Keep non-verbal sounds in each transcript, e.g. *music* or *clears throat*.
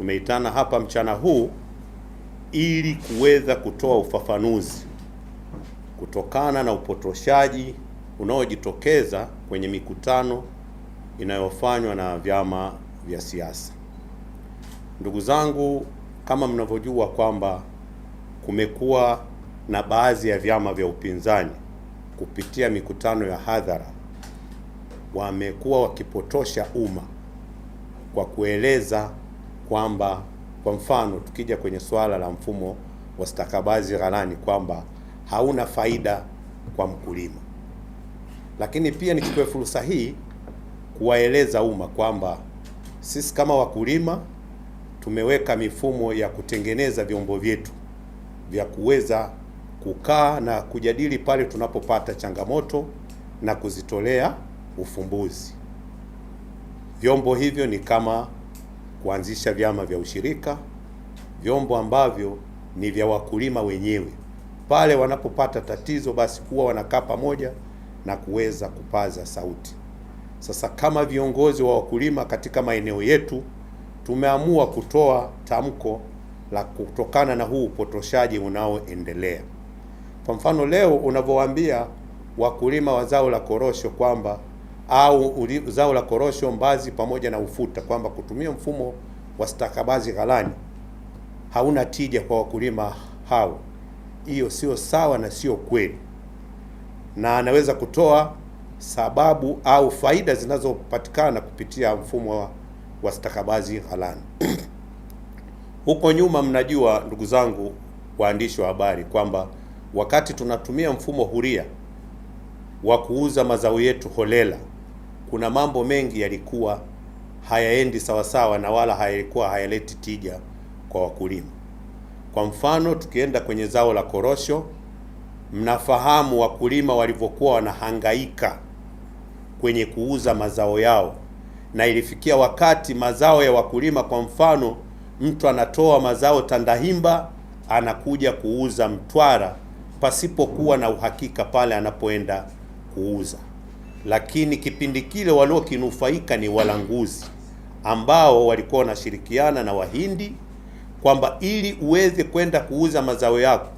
tumeitana hapa mchana huu ili kuweza kutoa ufafanuzi kutokana na upotoshaji unaojitokeza kwenye mikutano inayofanywa na vyama vya siasa. Ndugu zangu, kama mnavyojua kwamba kumekuwa na baadhi ya vyama vya upinzani kupitia mikutano ya hadhara wamekuwa wakipotosha umma kwa kueleza kwamba kwa mfano tukija kwenye swala la mfumo wa stakabadhi ghalani kwamba hauna faida kwa mkulima, lakini pia nichukue fursa hii kuwaeleza umma kwamba sisi kama wakulima tumeweka mifumo ya kutengeneza vyombo vyetu vya kuweza kukaa na kujadili pale tunapopata changamoto na kuzitolea ufumbuzi. Vyombo hivyo ni kama kuanzisha vyama vya ushirika, vyombo ambavyo ni vya wakulima wenyewe. Pale wanapopata tatizo, basi huwa wanakaa pamoja na kuweza kupaza sauti. Sasa kama viongozi wa wakulima katika maeneo yetu tumeamua kutoa tamko la kutokana na huu upotoshaji unaoendelea. Kwa mfano, leo unavyowaambia wakulima wa zao la korosho kwamba au zao la korosho, mbazi pamoja na ufuta, kwamba kutumia mfumo wa stakabazi ghalani hauna tija kwa wakulima hao. Hiyo sio sawa na sio kweli, na anaweza kutoa sababu au faida zinazopatikana kupitia mfumo wa stakabazi ghalani. *clears throat* Huko nyuma, mnajua ndugu zangu waandishi wa habari, kwamba wakati tunatumia mfumo huria wa kuuza mazao yetu holela kuna mambo mengi yalikuwa hayaendi sawasawa na wala hayalikuwa hayaleti tija kwa wakulima. Kwa mfano, tukienda kwenye zao la korosho, mnafahamu wakulima walivyokuwa wanahangaika kwenye kuuza mazao yao, na ilifikia wakati mazao ya wakulima, kwa mfano, mtu anatoa mazao Tandahimba anakuja kuuza Mtwara pasipokuwa na uhakika pale anapoenda kuuza lakini kipindi kile waliokinufaika ni walanguzi ambao walikuwa wanashirikiana na Wahindi kwamba ili uweze kwenda kuuza mazao yako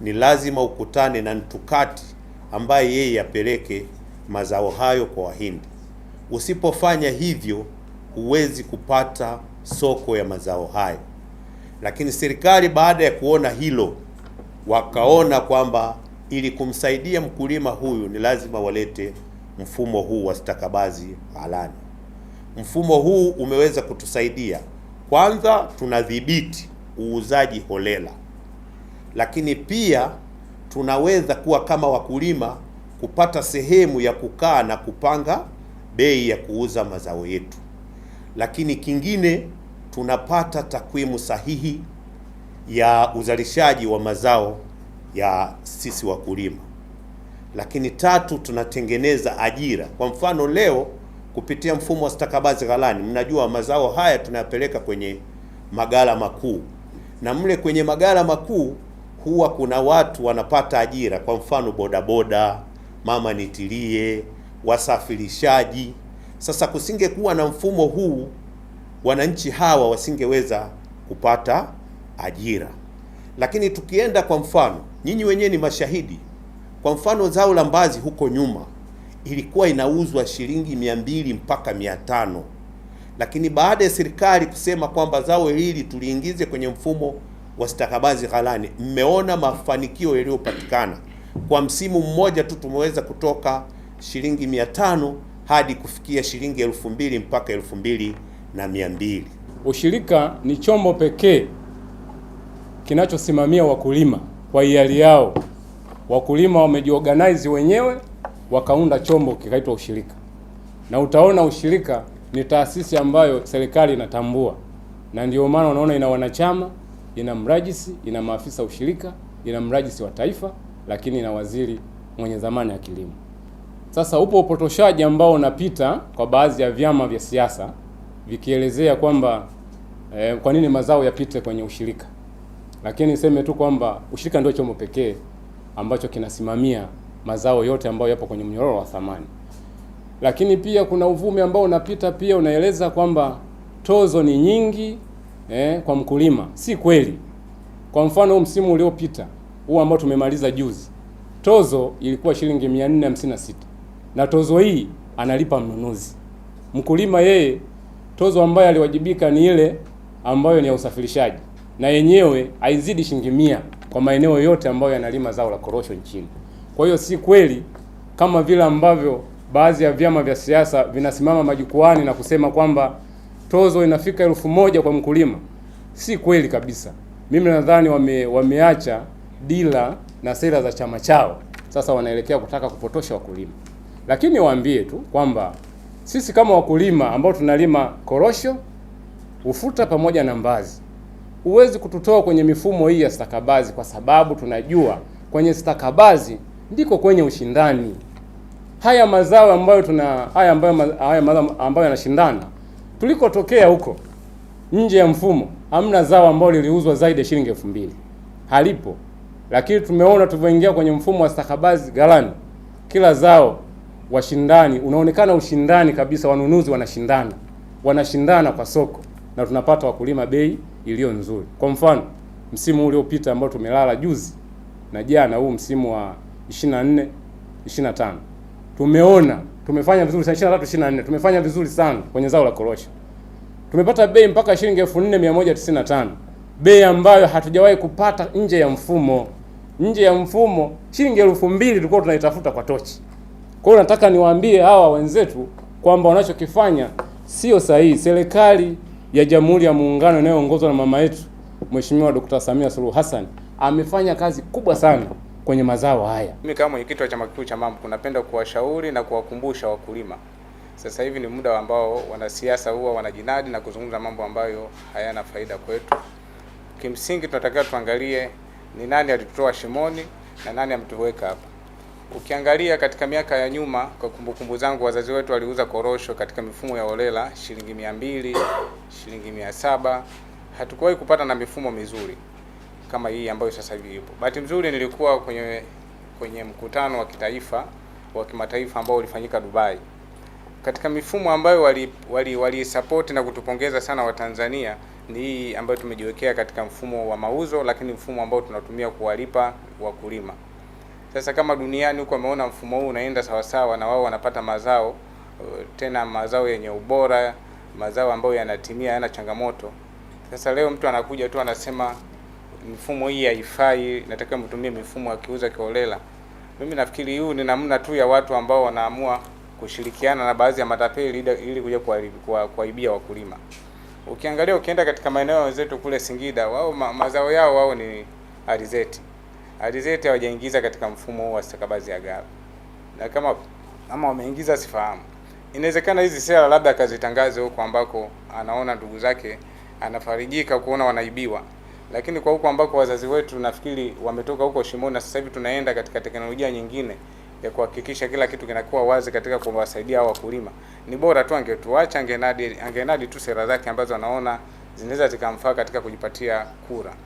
ni lazima ukutane na ntukati ambaye yeye apeleke mazao hayo kwa Wahindi. Usipofanya hivyo, huwezi kupata soko ya mazao hayo. Lakini serikali baada ya kuona hilo, wakaona kwamba ili kumsaidia mkulima huyu ni lazima walete mfumo huu wa stakabazi ghalani. Mfumo huu umeweza kutusaidia, kwanza tunadhibiti uuzaji holela, lakini pia tunaweza kuwa kama wakulima kupata sehemu ya kukaa na kupanga bei ya kuuza mazao yetu, lakini kingine tunapata takwimu sahihi ya uzalishaji wa mazao ya sisi wakulima. Lakini tatu, tunatengeneza ajira. Kwa mfano leo kupitia mfumo wa stakabazi ghalani, mnajua mazao haya tunayapeleka kwenye magala makuu, na mle kwenye magala makuu huwa kuna watu wanapata ajira, kwa mfano bodaboda, mama nitilie, wasafirishaji. Sasa kusingekuwa na mfumo huu, wananchi hawa wasingeweza kupata ajira. Lakini tukienda kwa mfano, nyinyi wenyewe ni mashahidi. Kwa mfano zao la mbazi huko nyuma ilikuwa inauzwa shilingi mia mbili mpaka mia tano lakini baada ya serikali kusema kwamba zao hili tuliingize kwenye mfumo wa stakabadhi ghalani, mmeona mafanikio yaliyopatikana. Kwa msimu mmoja tu tumeweza kutoka shilingi mia tano hadi kufikia shilingi elfu mbili mpaka elfu mbili na mia mbili. Ushirika ni chombo pekee kinachosimamia wakulima kwa hiari yao wakulima wamejiorganize wenyewe wakaunda chombo kikaitwa ushirika, na utaona ushirika ni taasisi ambayo serikali inatambua, na ndio maana unaona ina wanachama, ina mrajisi, ina maafisa ushirika, ina mrajisi wa taifa, lakini ina waziri mwenye zamani ya kilimo. Sasa upo upotoshaji ambao unapita kwa baadhi ya vyama vya siasa vikielezea kwamba eh, kwa nini mazao yapite kwenye ushirika, lakini niseme tu kwamba ushirika ndio chombo pekee ambacho kinasimamia mazao yote ambayo yapo kwenye mnyororo wa thamani. Lakini pia kuna uvumi ambao unapita pia unaeleza kwamba tozo ni nyingi eh, kwa mkulima. Si kweli. Kwa mfano huu msimu uliopita huu ambao tumemaliza juzi, tozo ilikuwa shilingi 456 na tozo hii analipa mnunuzi. Mkulima yeye tozo ambayo aliwajibika ni ile ambayo ni ya usafirishaji na yenyewe haizidi shilingi mia kwa maeneo yote ambayo yanalima zao la korosho nchini. Kwa hiyo si kweli kama vile ambavyo baadhi ya vyama vya siasa vinasimama majukwaani na kusema kwamba tozo inafika elfu moja kwa mkulima. Si kweli kabisa. Mimi nadhani wame, wameacha dila na sera za chama chao, sasa wanaelekea kutaka kupotosha wakulima. Lakini waambie tu kwamba sisi kama wakulima ambao tunalima korosho, ufuta pamoja na mbazi huwezi kututoa kwenye mifumo hii ya stakabazi, kwa sababu tunajua kwenye stakabazi ndiko kwenye ushindani. Haya mazao ambayo tuna haya ambayo haya mazao ambayo yanashindana, tulikotokea huko nje ya mfumo, hamna zao ambalo liliuzwa zaidi ya shilingi elfu mbili halipo. Lakini tumeona tulivyoingia kwenye mfumo wa stakabazi galani, kila zao washindani, unaonekana ushindani kabisa, wanunuzi wanashindana, wanashindana kwa soko na tunapata wakulima bei iliyo nzuri. Kwa mfano msimu uliopita ambao tumelala juzi na jana, huu msimu wa 24 25 tumeona tumefanya vizuri sana, 23 24 tumefanya vizuri sana kwenye zao la korosho. Tumepata bei mpaka shilingi 4195 bei ambayo hatujawahi kupata nje ya mfumo. Nje ya mfumo shilingi 2000 tulikuwa tunaitafuta kwa tochi. Kwa hiyo nataka niwaambie hawa wenzetu kwamba wanachokifanya sio sahihi. Serikali ya Jamhuri ya Muungano inayoongozwa na mama yetu Mheshimiwa Dkt. Samia Suluhu Hassan amefanya kazi kubwa sana kwenye mazao haya. Mimi kama mwenyekiti wa chama kikuu cha mambo kunapenda kuwashauri na kuwakumbusha wakulima. Sasa hivi ni muda ambao wanasiasa huwa wanajinadi na kuzungumza mambo ambayo hayana faida kwetu. Kimsingi tunatakiwa tuangalie ni nani alitutoa shimoni na nani ametuweka hapa. Ukiangalia katika miaka ya nyuma, kwa kumbukumbu zangu, wazazi wetu waliuza korosho katika mifumo ya olela shilingi mia mbili, shilingi mia saba. Hatukuwahi kupata na mifumo mizuri kama hii ambayo sasa hivi ipo. Bahati nzuri nilikuwa kwenye kwenye mkutano wa kitaifa wa kimataifa ambao ulifanyika Dubai. Katika mifumo ambayo wali, wali, wali support na kutupongeza sana Watanzania ni hii ambayo tumejiwekea katika mfumo wa mauzo, lakini mfumo ambao tunatumia kuwalipa wakulima. Sasa kama duniani huko wameona mfumo huu unaenda sawasawa, na wao wanapata mazao tena mazao yenye ubora, mazao ambayo yanatimia, yana changamoto. Sasa leo mtu anakuja tu anasema mfumo hii haifai, nataka mtumie mifumo akiuza kiolela. Mimi nafikiri huu ni namna tu ya watu ambao wanaamua kushirikiana na baadhi ya matapeli ili kuja kuwaibia wakulima. Ukiangalia ukienda katika maeneo wenzetu kule Singida, wao mazao yao wao ni alizeti ardhi zetu hawajaingiza katika mfumo huu wa stakabadhi ya ghala, na kama kama wameingiza sifahamu. Inawezekana hizi sera labda akazitangaze huko ambako anaona ndugu zake anafarijika kuona wanaibiwa, lakini kwa huko ambako wazazi wetu nafikiri wametoka huko shimoni, na sasa hivi tunaenda katika teknolojia nyingine ya kuhakikisha kila kitu kinakuwa wazi katika kuwasaidia hao wakulima, ni bora tu angetuacha, angenadi angenadi tu sera zake ambazo anaona zinaweza zikamfaa katika kujipatia kura.